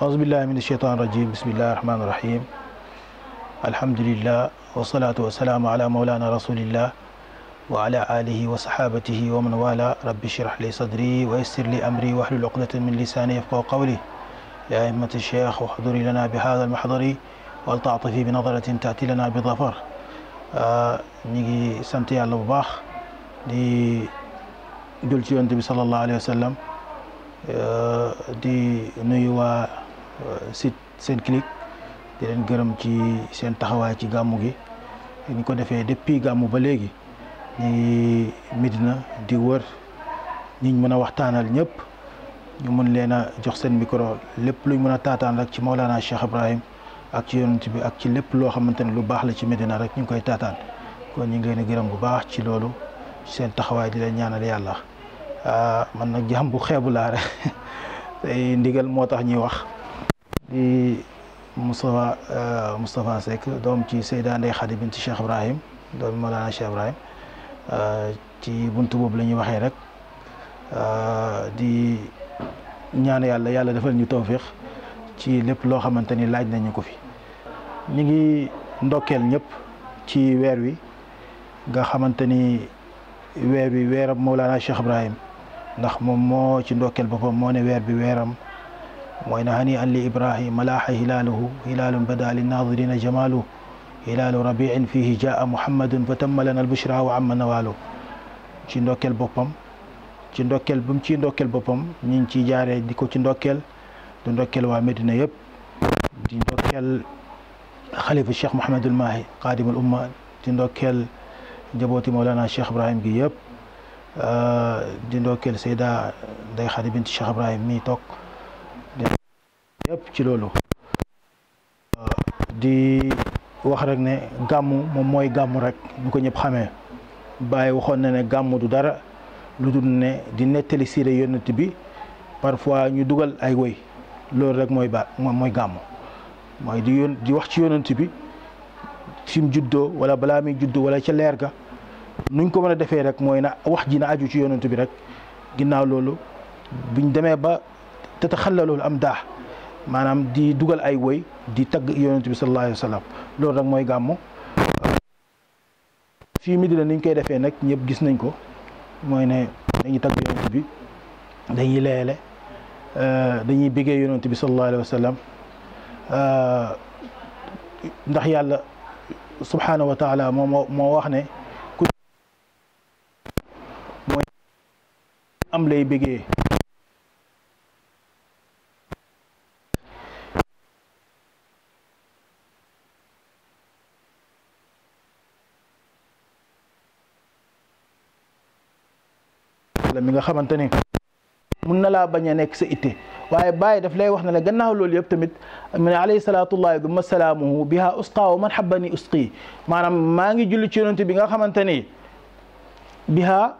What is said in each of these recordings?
aousubillahi min asheytan irajim bismillahi irahmani irahim alhamdulillah wasalatu wasalaamu ala maulana rasulillah wa ala alihi wa sahabatihi wa man wala rabbi shrah li sadri wa yassir li amri wahlul uqdatan min lisani yafqahu qawli ya himmati cheikh wahduri lana bi hada almahdari wal taatifi bi nadaratin taati lana bi dafar ñi ngi sant yàlla bu baax di jul ci yonent bi sallallahu alayhi wa sallam Euh, di nuyu waa euh, site Senclic di leen gërëm ci seen taxawaay ci gàmmu gi ñu ko defee depuis gàmmu ba léegi ñu ngi Medina di wër ñiñ mën a waxtaanal ñëpp ñu mën leen a jox seen micro lépp luñ mën a taataan rek ci Maulana Cheikh Ibrahim ak ci yonent bi ak ci lépp loo xamante ne lu baax la ci Medina rek ñu ngi koy taataan kon ñu ngi leen gërëm bu baax ci loolu seen taxawaay di leen ñaanal yàlla. Ah, man nag jaam bu xeebu laa rek tey ndigal moo tax ñuy wax di Moustapha ah, Moustapha Seck doom ci Seyda Ndeye Khady ci Cheikh Ibrahim doom Mawlana Cheikh Ibrahim ah, ci bunt boobu la ñuy waxee rek di ñaan yàlla yàlla defal ñu tawféex ci lépp loo xamante ni laaj nañu ko fi ñu ngi ndokkeel ñëpp ci weer wi nga xamante ni weer wi weerab Mawlana Cheikh Ibrahim ndax moom moo ci ndokkeel boppam moo ne weer bi weeram mooy na hani an li ibrahima laaxa hilaaluhu hilaalun bada li naadirina jamaalu hilaalu rabiin fihi jaa muhammadun fa tammalana albushra wa amma nawaalu ci ndokkeel boppam ci ndokkeel bu mu ci ndokkeel boppam ñu ngi ciy jaaree di ko ci ndokkeel du ndokkeel waa Medina yëpp di ndokkeel xalifa cheikh Mouhamadul Mahi qaadimul umma di ndokkeel njabooti Mawlana Cheikh Ibrahim gi yëpp di ndokkeel Seyda Ndeye Khady bint Cheikh Ibrahim mii toog yëpp ci loolu di wax rek ne gàmmu moom mooy gàmmu rek ñu ko ñëpp xamee Baye waxoon na ne gàmmu du dara lu dul ne di nettali siire yonent bi parfois ñu dugal ay woy loolu rek mooy ba mooy gàmmu mooy di yon di wax ci yonent bi fi juddoo wala balaa muy juddoo wala ca leer ga nuñ ko mën a defee rek mooy na wax ji na aju ci yonent bi rek ginnaaw loolu buñ demee ba te taxalla loolu am daax maanaam di dugal ay woy di tagg yonent bi sallallahu alayhi loolu rek mooy gàmmu fii Medina koy defee nag ñëpp gis nañ ko mooy ne dañuy tagg bi dañuy euh, dañuy bégee yonent bi sallallahu alayhi wa euh, ndax yàlla subhanahu wa moo moo wax ne am lay bëggee la mi nga xamante ni na laa bañ a nekk sa itte waaye bàyyi daf lay wax na la gannaaw loolu yëpp tamit mu ne alayhi salaatullahi gu ma salaamuhu biha usqaa wa man habbani usqi maanaam maa ngi julli ci bi nga xamante ni biha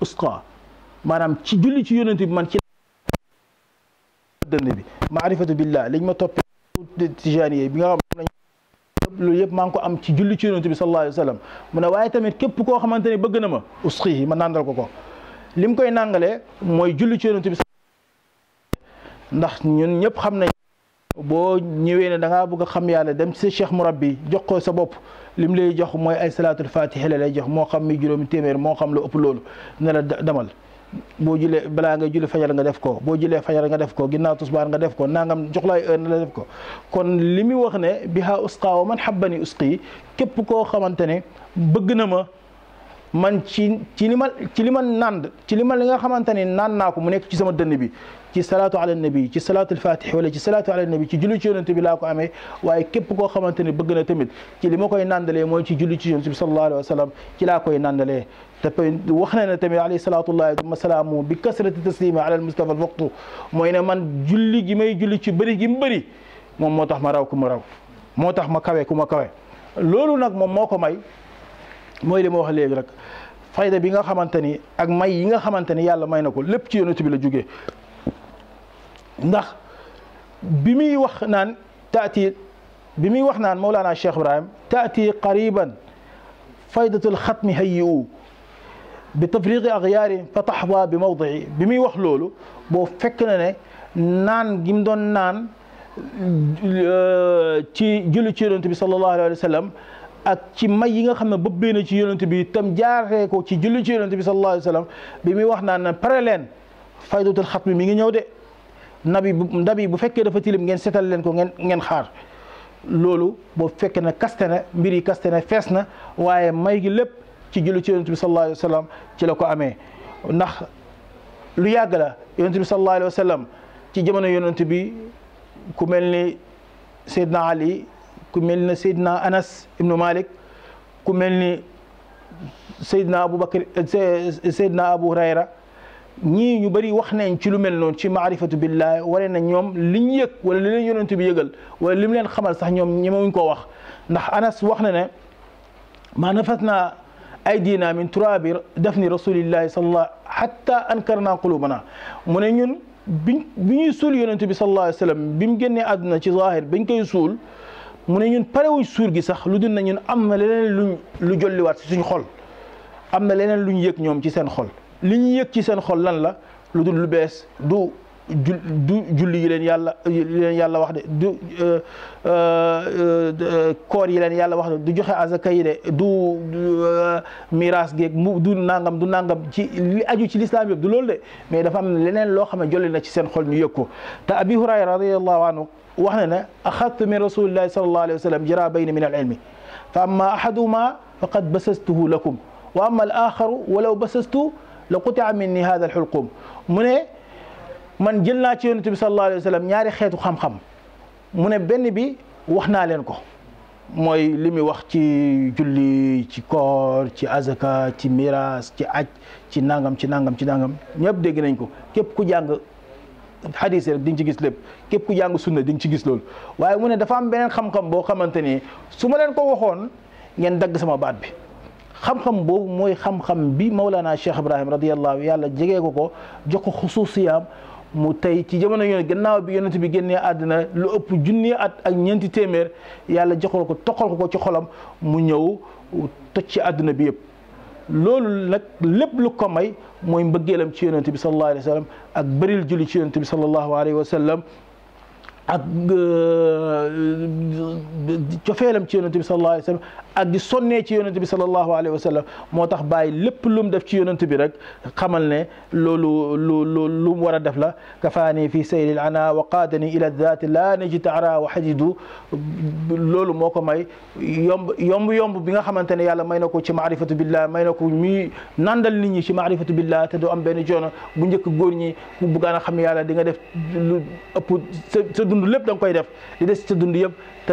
usqa maanaam ci julli ci yonent bi man ci dënn bi maarifatu billah liñ ma toppee tijaaniye bi nga xam ne loolu yëpp maa ngi ko am ci julli ci yonent bi sallallahu alayhi wa mu ne waaye tamit képp koo xamante ne bëgg na ma usxihi ma nàndal ko ko lim koy nàngalee mooy julli ci ndax ñun ñëpp xam nañ boo ñëwee ne da bëgg a xam yàlla dem ci sa cheikh murabbi jox ko sa bopp lim lay jox mooy ay salaatul fatiha lay jox moo xam mi juróomi téeméer moo xam la ëpp loolu ne la demal boo julee balaa nga julli fajar nga def ko boo julee fajar nga def ko ginnaaw tusbaar nga def ko nangam jox laay heure la def ko kon li mu wax ne bi usqa wa man habbani usqi képp koo xamante ne bëgg na ma man ci ci li ma ci li ma nand ci li ma li nga xamante ne naan naa ko mu nekk ci sama dënn bi ci salaatu ala nabi ci salaatu alfatih wala ci salaatu ala nabi ci julli ci yonente bi laa ko amee waay képp koo xamante ne bëgg na tamit ci li ma koy nandalee mooy ci julli ci yonente bi sallallahu alayhi wa sallam ci laa koy nandalee dafay wax na ne tamit alayhi salaatullahi wa salaamu bi kasrati taslima ala almustafa alwaqtu mooy ne man julli gi may julli ci bëri gi mu bëri moom moo tax ma raw ku ma raw moo tax ma kawe ku ma kawe loolu nag moom moo ko may mooy li ma wax léegi rek fayda bi nga xamante ni ak may yi nga xamante ni yàlla may na ko lépp ci yonent bi la jógee ndax bi muy wax naan taati bi muy wax naan Mawlana Cheikh Ibrahim taati qariban faydatul xatmi hayyu bi tafriqi axyaari fa taxwa bi mawdii bi muy wax loolu boo fekk na ne naan gi mu doon naan euh, ci julli ci yonent bi sallallahu alayhi wa sallam ak ci may yi nga xam ne bëbbee na ci yonent bi tam jaaree ko ci julli ci yonent bi sallallahu alayhi wa bi muy wax naan pare leen faydatul xatmi mi ngi ñëw de nabi bu ndabi bu fekkee dafa tilim ngeen setal leen ko ngeen ngeen xaar loolu boo fekkee ne kaste mbir yi kaste fees na waaye may gi lépp ci julli ci yonent bi sallallahu alayhi wa ci la ko amee ndax lu yàgg la yonent bi sallallahu alayhi ci jamono yonent bi ku mel ni na Ali ku mel na Seydina Anas ibnu Malik ku mel ni Seydina Aboubacar Seydina Abu Hurayra ñii ñu bëri wax nañ ci lu mel noonu ci maarifatu billah waree na ñoom liñ yëg wala li leen yonent bi yëgal wala lim leen xamal sax ñoom ñemewuñ koo wax ndax Anas wax na ne maa nafas naa aydina min turabir def ni rasulillahi salallah hatta ankarna qulubana mu ne ñun biñ bi ñuy suul yonent bi salallahu alayhi wa sallam bi mu génnee àdduna ci zahir bañ koy suul mu ne ñun parewuñ suur gi sax lu dul na ñun am na leneen luñ lu jolliwaat si suñ xol am na leneen luñ yëg ñoom ci seen xol li ñu yëg ci seen xol lan la lu dul lu bees du jul du julli yi leen yàlla yi leen yàlla wax de du euh, euh, euh, koor yi leen yàlla wax de du joxe azaka yi de du miraas geeg mu du nangam du nangam ci li aju ci lislaam yëpp du loolu de mais dafa am leneen loo xam ne jolli na ci seen xol ñu yëg ko te abi hurayra radiallahu anhu wax na ne axadtu min rasulillahi sallallahu alayhi wa sallam jarabayni min al ilmi fa amma ahaduhuma faqad basastuhu lakum wa amma al axaru walaw basastu la qutia minni hada alxulqum mu ne man jël naa ci yonent bi sallallahu alayhi wa sallam ñaari xeetu xam mu ne benn bi wax naa leen ko mooy li muy wax ci julli ci koor ci azaka ci miraas ci aj ci nangam ci nangam ci nangam ñëpp dégg nañ ko képp ku jàng xadis rek di ci gis lépp képp ku jàng sunna di nga ci gis loolu waaye mu ne dafa am beneen xam-xam boo xamante ni su ma leen ko waxoon ngeen dagg sama baat bi xam-xam boobu mooy xam-xam bi Mawlana Cheikh Ibrahim radiyallahu yàlla jegee ko ko jox ko xusuusiyaam mu tey ci jamono yoon gannaaw bi yonent bi génnee àddina lu ëpp junni at ak ñeenti téeméer yàlla joxal ko toqal ko ko ci xolam mu ñëw toj ci àdduna bi yëpp loolu nag lépp lu ko may mooy mbëggeelam ci yonent bi sallallahu alayhi wa ak bëril julli ci yonent bi sallallahu alayhi wa sallam ak euh, cofeelam ci yonent bi sallallahu alayhi wa sallam ak di sonnee ci yonent bi sallallahu alayhi wa sallam moo tax bàyyi lépp lu mu def ci yonent bi rek xamal ne loolu lu lu lu mu war a def la kafaani fi sayril ana wa qaadani ila daati laa najid ara wa xadidu loolu moo ko may yomb yomb yomb bi nga xamante ne yàlla may na ko ci maarifatu billah may na ko muy nandal nit ñi ci maarifatu billah te du am benn joono bu njëkk góor ñi ku buggaan a xam yàlla di nga def lu ëpp dund lépp da koy def li des sa dund yëpp te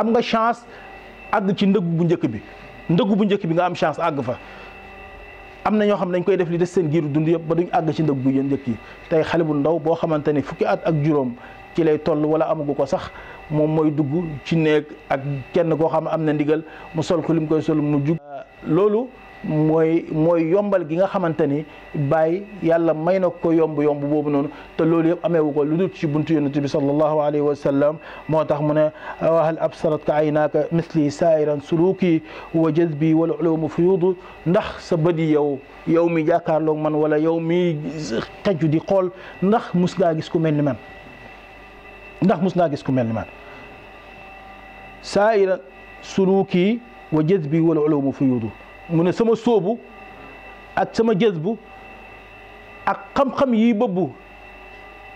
am nga chance àgg ci ndëgg bu njëkk bi ndëgg bu njëkk bi nga am chance àgg fa am na ñoo xam ne dañ koy def li des seen giiru dund yëpp ba duñ àgg ci ndëgg bu njëkk yi tey xale bu ndaw boo xamante ne fukki at ak juróom ci lay toll wala amagu ko sax moom mooy dugg ci néeg ak kenn koo xam am na ndigal mu sol ko lim koy sol mu jug loolu mooy mooy yombal gi nga xamante ni Baye yàlla may na ko yomb yomb boobu noonu te loolu yëpp ameewu ko lu dul ci buntu yonent bi sallallahu alayhi wa sallam moo tax mu ne wa hal absaratka aynaaka misli saa'iran suluki wa jazbi wal ulumu fuyudu ndax sa bët yi yow yow mi jàkkaarloog man wala yow mi taju di xool ndax mus ngaa gis ku mel ni man ndax mus ngaa gis ku mel ni man saa'iran suluki wa jazbi wal ulumu fuyudu mu ne sama sóobu ak sama jës bu ak xam-xam yi bëbbu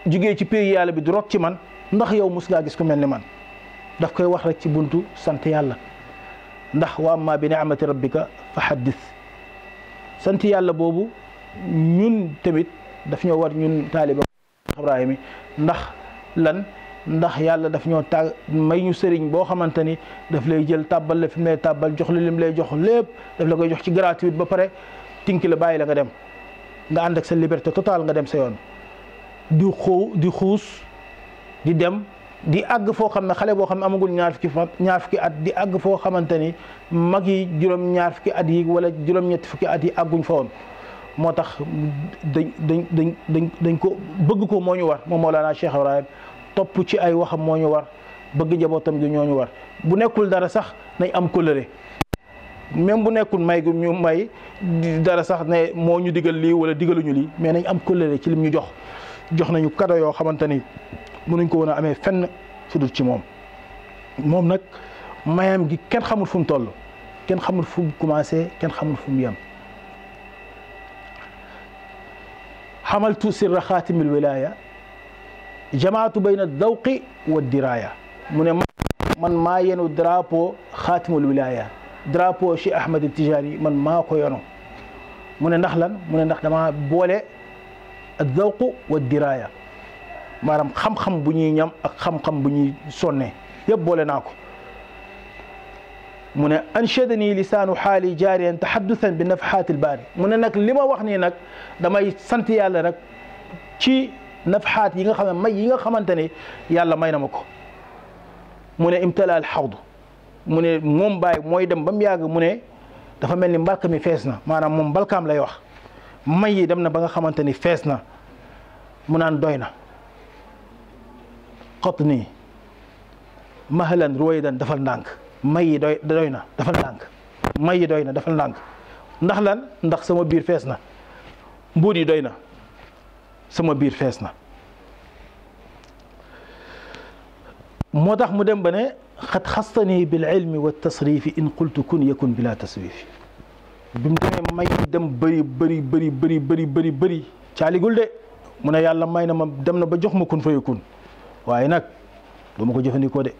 jugee ci pays yàlla bi du ci man ndax yow mus ngaa gis ku mel ni man daf koy wax rekk ci buntu sant yàlla ndax wa amma bi ni'mati rabbika fa haddis sant yàlla boobu ñun tamit daf ñoo war ñun taaliba Ibrahima ndax lan ndax yàlla daf ñoo tàgg may ñu sëriñ boo xamante ni daf lay jël tàbbal la fi mu lay tàbbal jox la lim lay jox lépp daf la koy jox ci gratuite ba pare tinki la bàyyi la nga dem nga ànd ak sa liberté totale nga dem sa yoon di xuu di xuus di dem di àgg foo xam ne xale boo xam ne amagul ñaar ñaar fukki at di àgg foo xamante ni mag yi juróom ñaar fukki at yi wala juróom ñetti fukki at yi àgguñ fa woon moo tax dañ dañ dañ dañ dañ ko bëgg ko moo ñu war moom Mawlana Cheikh Ibrahim topp ci ay waxam moo ñu war bëgg njabootam gi ñoo ñu war bu nekkul dara sax nañ am colère même bu nekkul may gu may dara sax ne moo ñu digal lii wala digaluñu lii mais nañ am colère ci lim ñu jox jox nañu kado yoo xamante ni mënuñ ko woon a amee fenn fu dul ci moom moom nag mayam gi kenn xamul fu mu toll kenn xamul fu mu commencé kenn xamul fu mu yem xamaltu sirra xaatimil wilaya jamaatu bayna dawqi wa diraya mu ne man maa yenu drapeau xaatimul wilaya drapeau Cheikh Ahmed Tijaani man maa ko yono mu ne ndax lan mu ne ndax dama boole dawqu wa diraya maanaam xam-xam bu ñuy ñam ak xam-xam bu ñuy sonne yëpp boole naa ko mu ne anchadani lisaanu xaali jaariyan taxaddusan bi nafxaatil baari mu ne nag li ma wax nii nag damay sant yàlla rek ci nafxaat yi nga xam ne may yi nga xamante ne yàlla may na ma ko mu ne imtalaal mu ne moom bàyyi mooy dem ba mu yàgg mu ne dafa mel ni mbalka mi fees na maanaam moom mbalkaam lay wax may yi dem na ba nga xamante ni fees na mu naan doy na xot nii mahalan ruwaydan dafal ndànk may yi doy doy na dafal ndànk may yi doy na dafal ndànk ndax lan ndax sama biir fees na mbuut yi doy na sama biir fees na moo tax mu dem ba ne xat xastani bil ilmi wa tasrifi in qultu kun yakun bila taswifi bi mu demee may dem bëri bëri bëri bëri bëri bëri bëri caaligul de mu ne yàlla may na ma dem na ba jox ma kun fa yakun waaye nag du ma ko jëfandikoo de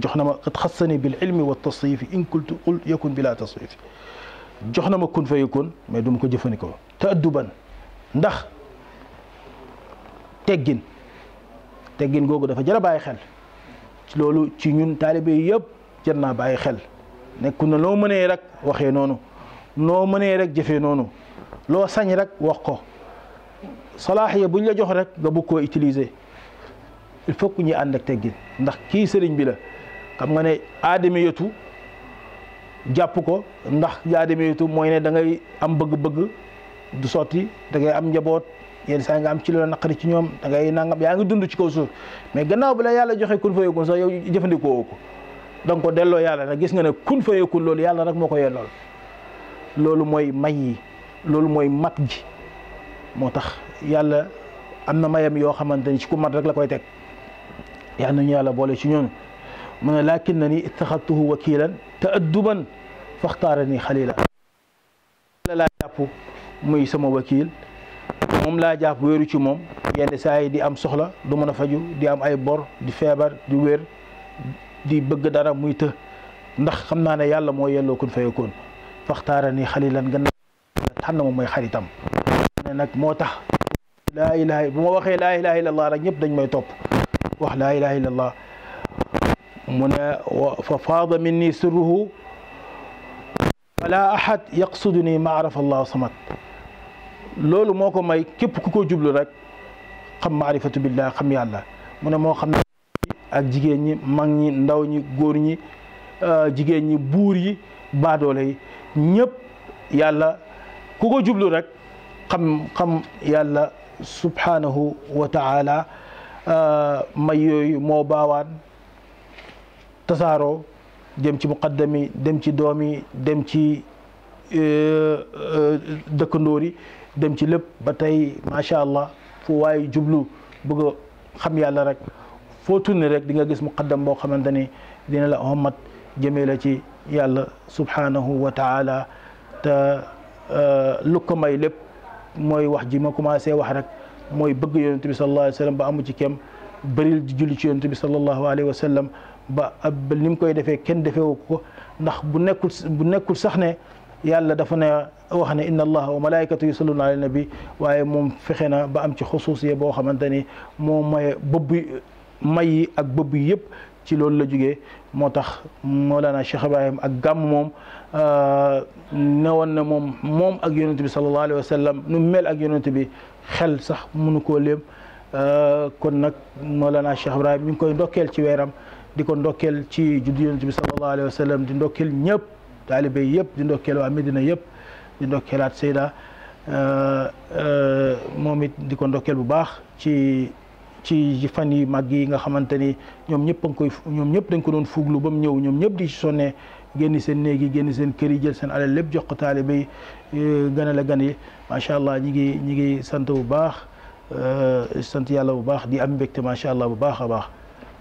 jox na ma xat xastani bil ilmi wa tasrifi in qultu qul yakun bila taswifi jox na ma kun fa yakun mais du ma ko jëfandikoo te adduban ndax teggin teggin googu dafa jar a bàyyi xel loolu ci ñun taalibe yëpp jar naa bàyyi xel nekku na loo mënee rek waxee noonu noo mënee rek jëfee noonu loo sañ rek wax ko salaaxiya buñ la jox rek nga bëgg koo utiliser il faut que ñu ànd ak teggin ndax kii sëriñ bi la xam nga ne aadama yëtu jàpp ko ndax aadama yëtu mooy ne dangay am bëgg-bëgg du sotti da am njaboot yenn saa nga am ci loolu naqari ci ñoom dangay ngay nangam yaa ngi dund ci kaw suuf mais gannaaw bi la yàlla joxe kun fayakun sax yow jëfandikoo ko donc ko delloo yàlla na gis nga ne kun fayakun loolu yàlla rek moo ko yellool loolu mooy may yi loolu mooy mat ji moo tax yàlla am na mayam yoo xamante ni ci ku mat rek la koy teg yal nañu yàlla boole ci ñoom mu laa laakin na ni ittaxadtuhu wakiilan taadduban faxtaara ni xalila la laa jàpp muy sama wakil moom laa jàpp wéeru ci moom yenn saa yi di am soxla du mën a faju di am ay bor di feebar di wér di bëgg dara muy të ndax xam naa ne yàlla moo yelloo kun fayekoon faxtaara ni xalilan gën a tànn moom mooy xaritam ne nag moo tax laa ilaha bu ma waxee laa ilaha illallah rek ñëpp dañ may topp wax laa ilaha illallah mu ne fa faada min ni sirruhu fala ahad yaqsudu ni ma arafa allah samad loolu moo ko may képp ku ko jublu rek xam maarifatu billah xam yàlla mu ne moo xam ne ak jigéen ñi mag ñi ndaw ñi góor ñi euh, jigéen ñi buur yi baadoole yi ñëpp yàlla ku ko jublu rek xam yàlla subhanahu wa euh, may yooyu moo baawaan tasaaroo dem ci muqaddami dem ci doomi dem ci euh, dëkkandoor yi dem ci lépp ba tey macha allah fu waaye jublu bëgg a xam yàlla rek foo tourné rek di nga gis muqaddam boo xamante ni dina la ommat jëmee la ci yàlla subhanahu wa taala te euh, lu ko may lépp mooy wax ji ma commencé wax rek mooy bëgg yonent bi sallallahu alayhi wa sallam ba amu ci kem bëril di julli ci yonent bi sallallahu alayhi wa sallam ba ab ni mu koy defee kenn defewu ko ndax bu nekkul bu nekkul sax ne yàlla dafa ne wax ne inna allaha wa malaikatu yusalluna ala nabi waaye moom fexe na ba am ci xusuusiya boo xamante ni moo maye bëbbi may yi ak bëbb yi yëpp ci loolu la jógee moo tax Mawlana Cheikh Ibrahim ak gàmm moom euh, ne woon na moom moom ak yonent bi sallallahu alayhi wa sallam nu mel ak yonent bi xel sax mënu koo léem euh, kon nag Mawlana Cheikh Ibrahim ñu ngi koy ndokkeel ci weeram di ko ndokkeel ci juddu yonent bi sallallahu alayhi wa sallam di ndokkeel ñëpp taalibe yëpp di ndokkeel waa Medina yëpp di ndokkeelaat Seyda euh, euh, moom it di ko bu baax ci ci fan yi mag yi nga xamante ni ñoom ñëpp a ngi koy ñoom ñëpp dañ ko doon fuglu ba mu ñëw ñoom ñëpp di ci sonnee génn seen néeg yi génn seen kër yi jël seen alal lépp jox ko taalibe yi euh, gën a gan macha allah ñi ngi ñi ngi sant bu baax sant yàlla bu baax di am mbégte macha allah bu baax a baax.